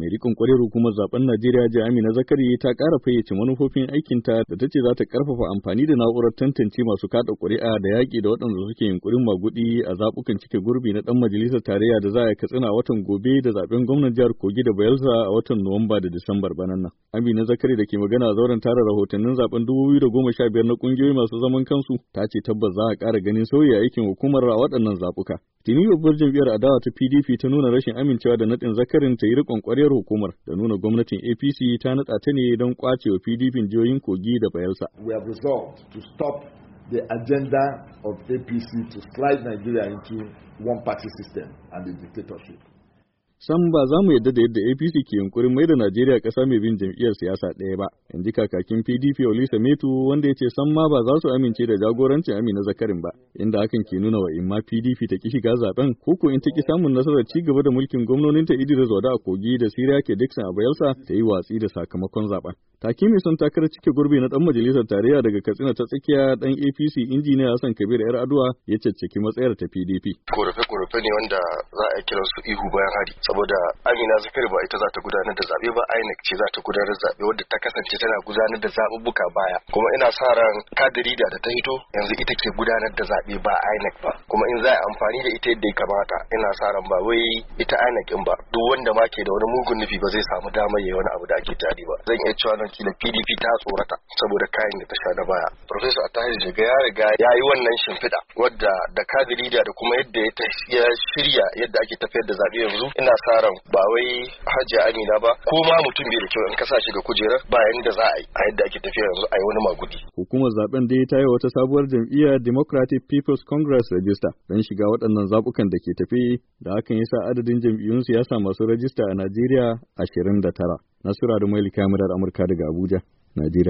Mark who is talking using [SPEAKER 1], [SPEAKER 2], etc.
[SPEAKER 1] mai rikon kwarar hukumar zaben Najeriya jiya Amina Zakari ta ƙara fayyace manufofin aikinta da ta ce za ta ƙarfafa amfani da na'urar tantance masu kada ƙuri'a da yaƙi da waɗanda suke yunkurin maguɗi a zabukan cike gurbi na ɗan majalisar tarayya da za a katsina a watan gobe da zaben gwamnan jihar Kogi da Bayelsa a watan Nuwamba da Disambar banan nan. Amina Zakari da ke magana a zauren tara rahotannin zaben biyar na ƙungiyoyi masu zaman kansu ta ce tabbas za a ƙara ganin sauya aikin hukumar a waɗannan zaɓuka. Tuni babbar jam'iyyar adawa ta PDP ta nuna rashin amincewa da nadin zakarin ta yi riƙon ƙwarewar hukumar da nuna gwamnatin APC ta natsa ta ne don wa PDP jihohin Kogi da Bayelsa.
[SPEAKER 2] We have resolved to stop the agenda of APC to slide Nigeria into one party system and a dictatorship.
[SPEAKER 1] san ba za mu yadda da yadda APC ke yunkurin mai da Najeriya ƙasa mai bin jam'iyyar siyasa ɗaya ba, in ji kakakin PDP Olisa Metu wanda ya ce san ma ba za su amince da jagorancin Amina Zakarin ba, inda hakan ke nuna wa ma PDP ta ki shiga zaben ko ko in ta ki samun nasarar ci gaba da mulkin gwamnoninta Idris Wada a Kogi da Siriya ke Dixon a Bayelsa ta yi watsi da sakamakon zaben. Takimi sun takarar cike gurbi na ɗan majalisar tarayya daga Katsina ta tsakiya ɗan APC injiniya Hassan Kabir yar Aduwa ya cecceki matsayar ta PDP.
[SPEAKER 3] Korafe-korafe ne wanda za a kira su ihu bayan hari saboda Amina Zakari ba ita za ta gudanar da zaɓe ba INEC ce za ta gudanar da zaɓe wadda ta kasance tana gudanar da zaɓuɓɓuka baya kuma ina sa ran kadiri da ta hito yanzu ita ke gudanar da zaɓe ba INEC ba kuma in za a amfani da ita yadda ya kamata ina sa ran ba wai ita INEC ba duk wanda ma ke da wani mugun nufi ba zai samu damar yayi wani abu da ake tari ba zan iya cewa da pdp ta tsorata saboda kayan da ta sha da baya professor atahir jiga ya riga ya yi wannan shimfiɗa wadda da kadi kadiri da kuma yadda ya shirya yadda ake tafiyar da zaɓe yanzu ina sa ran ba wai hajji amina ba ko ma mutum bai da kyau in kasa shi ga kujera bayan da za a yi a yadda ake tafiya yanzu a yi wani magudi
[SPEAKER 1] hukumar zaben da ya tayi wata sabuwar jam'iyyar democratic people's congress register don shiga waɗannan zaɓukan da ke tafi da hakan sa adadin jam'iyyun siyasa masu rajista a najeriya ashirin da tara Nasura da Mailika Murar Amurka daga Abuja,
[SPEAKER 3] Najeriya.